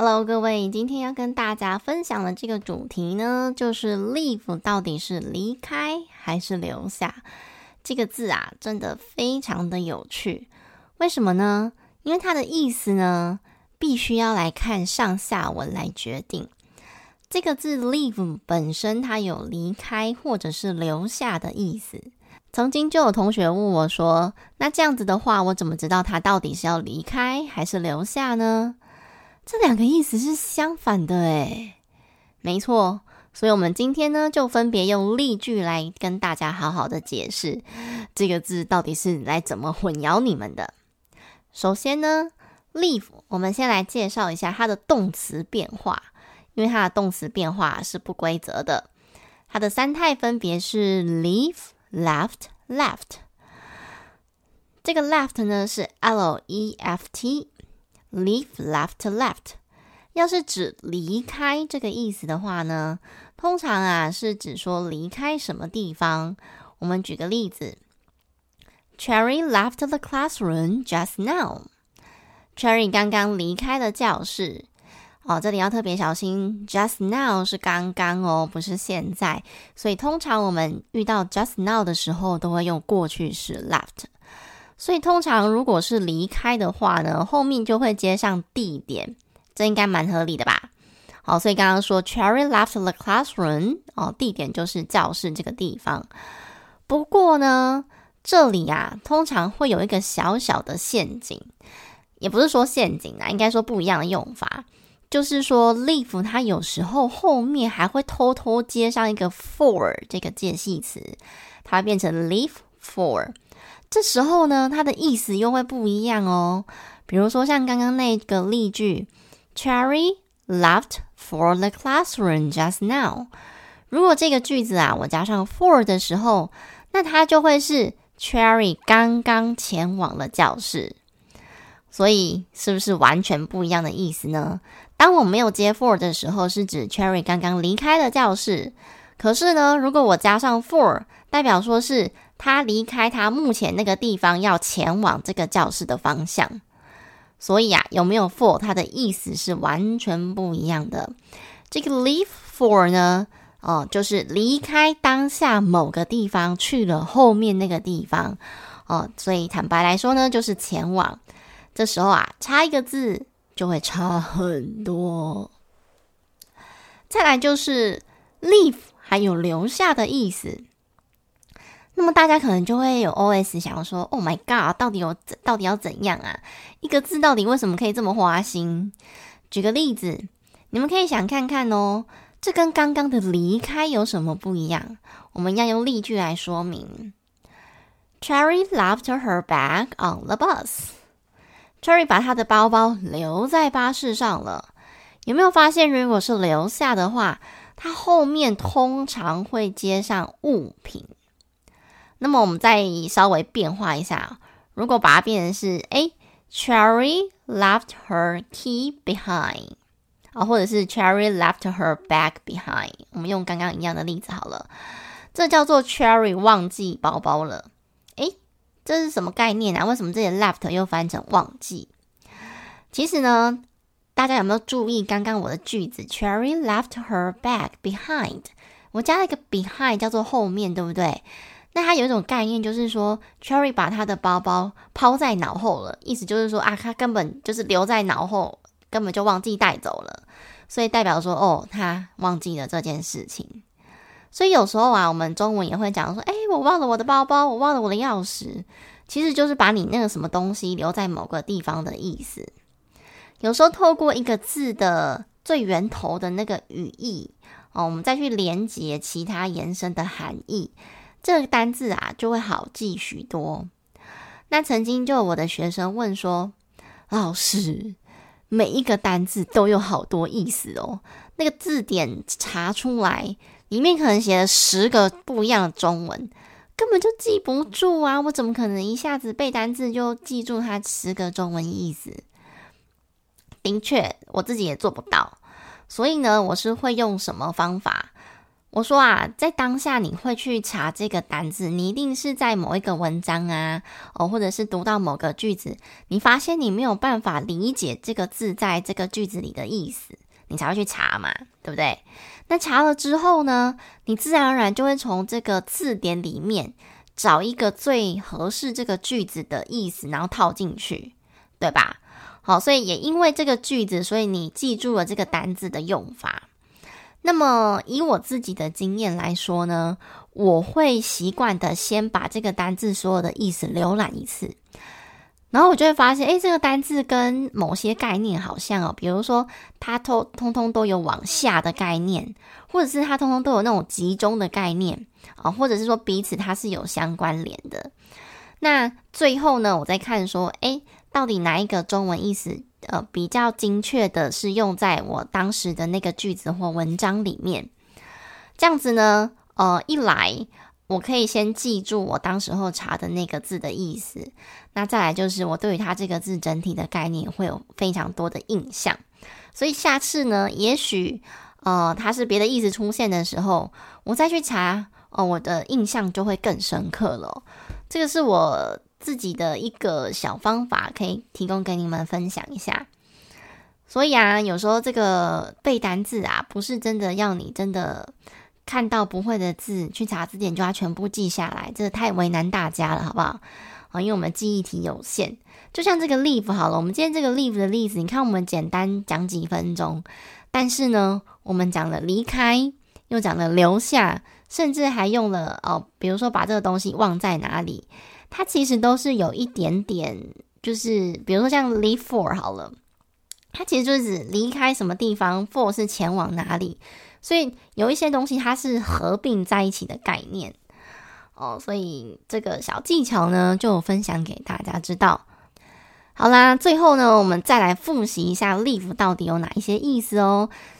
Hello，各位，今天要跟大家分享的這個主題呢，就是 “leave” 到底是離開還是留下？這個字啊，真的非常的有趣。為什麼呢？因為它的意思呢，必須要來看上下文來決定。這個字 “leave” 本身它有離開或者是留下的意思。曾經就有同學問我說：“那這樣子的話，我怎麼知道它到底是要離開還是留下呢？”這兩個意思是相反的誒，沒錯，所以我們今天呢就分別用例句來跟大家好好的解釋這個字到底是來怎麼混淆你們的。首先呢，leave 我們先來介紹一下它的動詞變化，因為它的動詞變化是不規則的，它的三態分別是 leave、left、left。這個 left 呢是 L-E-F-T。E F T, Leave, left, left，要是指離開這個意思的話呢，通常啊是指說離開什麼地方。我們舉個例子：Cherry left the classroom just now. Cherry 剛剛離開了教室。哦，這裡要特別小心，just now 是剛剛哦，不是現在。所以通常我們遇到 just now 的時候，都會用過去式 left。所以通常如果是離開的話呢，後面就會接上地點，這應該蠻合理的吧？好，所以剛剛說 Cherry left the classroom，哦，地點就是教室這個地方。不過呢，這裡呀、啊，通常會有一個小小的陷阱，也不是說陷阱啊，應該說不一樣的用法，就是說 leave 它有時候後面還會偷偷接上一個 for 這個介系詞，它會變成 leave for。這時候呢，它的意思又會不一樣哦。比如說，像剛剛那個例句，Cherry left for the classroom just now。如果這個句子啊，我加上 for 的時候，那它就會是 Cherry 剛剛前往了教室。所以，是不是完全不一樣的意思呢？當我沒有接 for 的時候，是指 Cherry 剛剛離開了教室。可是呢，如果我加上 for，代表說是。他離開他目前那個地方，要前往這個教室的方向。所以啊，有沒有 for？它的意思是完全不一樣的。這個 leave for 呢，哦，就是離開當下某個地方，去了後面那個地方。哦，所以坦白來說呢，就是前往。這時候啊，差一個字就會差很多。再來就是 leave 還有留下的意思。那麼大家可能就會有 OS 想要說：“Oh my God，到底有到底要怎樣啊？一個字到底為什麼可以這麼花心？”舉個例子，你們可以想看看哦，這跟剛剛的離開有什麼不一樣？我們要用例句來說明。Cherry left her, her bag on the bus. Cherry 把她的包包留在巴士上了。有沒有發現，如果是留下的話，它後面通常會接上物品。那麼我們再稍微變化一下，如果把它變成是哎，Cherry left her key behind 啊、哦，或者是 Cherry left her bag behind。我們用剛剛一樣的例子好了，這叫做 Cherry 忘記包包了。哎，這是什麼概念啊？為什麼這些 left 又翻成忘記？其實呢，大家有沒有注意剛剛我的句子 Cherry left her bag behind？我加了一個 behind，叫做後面對不對？但他有一種概念，就是說，Cherry 把他的包包拋在腦後了，意思就是說啊，他根本就是留在腦後，根本就忘記帶走了，所以代表說，哦，他忘記了這件事情。所以有時候啊，我們中文也會講說，誒，我忘了我的包包，我忘了我的鑰匙，其實就是把你那個什麼東西留在某個地方的意思。有時候透過一個字的最源頭的那個語義，哦，我們再去連接其他延伸的含義。這個單字啊，就會好記許多。那曾經就我的學生問說：“老師，每一個單字都有好多意思哦，那個字典查出來，裡面可能寫了十個不一樣的中文，根本就記不住啊！我怎麼可能一下子背單字就記住它十個中文意思？”的確，我自己也做不到。所以呢，我是會用什麼方法？我說啊，在當下你會去查這個單字，你一定是在某一個文章啊，哦，或者是讀到某個句子，你發現你沒有辦法理解這個字在這個句子裡的意思，你才會去查嘛，對不對？那查了之後呢，你自然而然就會從這個字典裡面找一個最合適這個句子的意思，然後套進去，對吧？好，哦，所以也因為這個句子，所以你記住了這個單字的用法。那麼，以我自己的經驗來說呢，我會習慣的先把這個單字所有的意思瀏覽一次，然後我就會發現，誒，這個單字跟某些概念好像哦，比如說它通通通都有往下的概念，或者是它通通都有那種集中的概念啊、哦，或者是說彼此它是有相關聯的。那最後呢，我再看說，誒，到底哪一個中文意思？呃，比較精確的是用在我當時的那個句子或文章裡面，這樣子呢，呃，一來我可以先記住我當時候查的那個字的意思，那再來就是我對於它這個字整體的概念會有非常多的印象，所以下次呢，也許呃它是別的意思出現的時候，我再去查，哦、呃，我的印象就會更深刻了，喔。這個是我。自己的一個小方法，可以提供給你們分享一下。所以啊，有時候這個背單字啊，不是真的要你真的看到不會的字去查字典就要全部記下來，這太為難大家了，好不好？啊、哦，因為我們記憶體有限。就像這個 leave 好了，我們今天這個 leave 的例子，你看我們簡單講幾分鐘，但是呢，我們講了離開，又講了留下，甚至還用了哦，比如說把這個東西忘在哪裡。它其實都是有一點點，就是比如說像 leave for 好了，它其實就是指離開什麼地方，for 是前往哪裡，所以有一些東西它是合併在一起的概念哦。所以這個小技巧呢，就分享給大家知道。好啦，最後呢，我們再來複習一下 leave 到底有哪一些意思哦。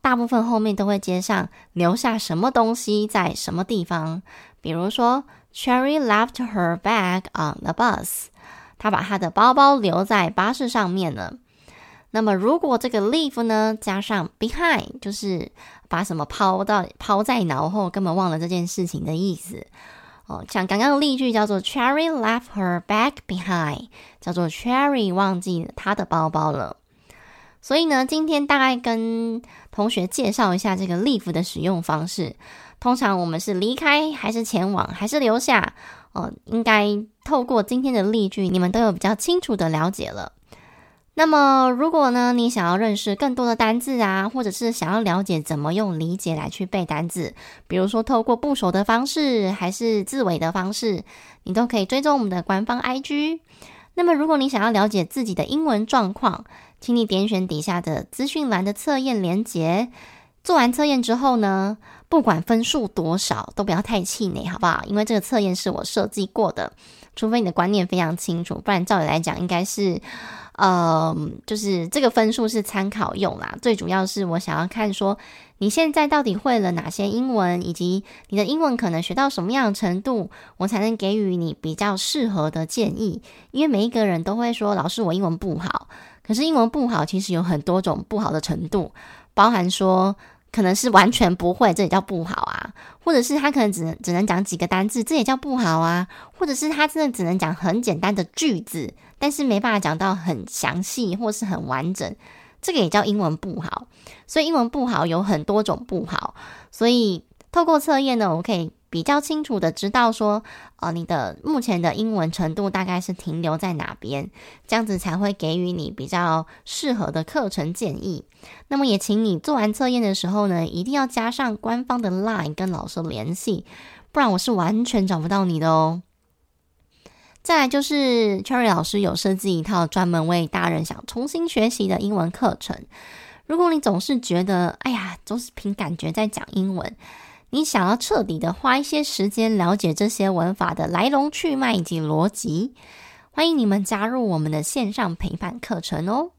大部分後面都會接上留下什麼東西在什麼地方，比如說 Cherry left her bag on the bus，她把她的包包留在巴士上面了。那麼如果這個 leave 呢加上 behind，就是把什麼拋到拋在腦後，根本忘了這件事情的意思。哦，像剛剛的例句叫做 Cherry left her bag behind，叫做 Cherry 忘記她的包包了。所以呢，今天大概跟同學介紹一下這個 leave 的使用方式。通常我們是離開，還是前往，還是留下？哦、呃，應該透過今天的例句，你們都有比較清楚的了解了。那麼，如果呢，你想要認識更多的單字啊，或者是想要了解怎麼用理解來去背單字，比如說透過部首的方式，還是字尾的方式，你都可以追蹤我們的官方 IG。那麼，如果你想要了解自己的英文狀況，請你點選底下的資訊欄的測驗連結，做完測驗之後呢，不管分數多少，都不要太氣餒，好不好？因為這個測驗是我設計過的，除非你的觀念非常清楚，不然照理來講，應該是，呃，就是這個分數是參考用啦。最主要是我想要看說你現在到底會了哪些英文，以及你的英文可能學到什麼樣的程度，我才能給予你比較適合的建議。因為每一個人都會說，老師，我英文不好。可是英文不好，其實有很多種不好的程度，包含說可能是完全不會，這也叫不好啊；或者是他可能只能只能講幾個單字，這也叫不好啊；或者是他真的只能講很簡單的句子，但是沒辦法講到很詳細或是很完整，這個也叫英文不好。所以英文不好有很多種不好，所以透過測驗呢，我可以，比較清楚的知道說，呃、哦，你的目前的英文程度大概是停留在哪邊，這樣子才會給予你比較適合的課程建議。那麼也請你做完測驗的時候呢，一定要加上官方的 LINE 跟老師聯繫，不然我是完全找不到你的哦。再來就是 Cherry 老師有設計一套專門為大人想重新學習的英文課程，如果你總是覺得哎呀，總是憑感覺在講英文。你想要徹底的花一些時間了解這些文法的來龍去脈以及邏輯，歡迎你們加入我們的線上陪伴課程哦。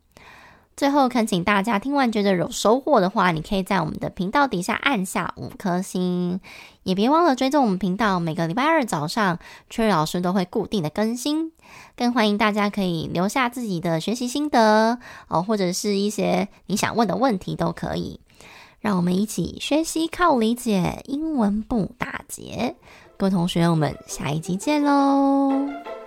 最後，懇請大家聽完覺得有收穫的話，你可以在我們的頻道底下按下五顆星，也別忘了追蹤我們頻道。每個禮拜二早上，Cherry 老師都會固定的更新。更歡迎大家可以留下自己的學習心得哦，或者是一些你想問的問題都可以。讓我們一起學習，靠理解英文不打結。各位同學，我們下一集見嘍！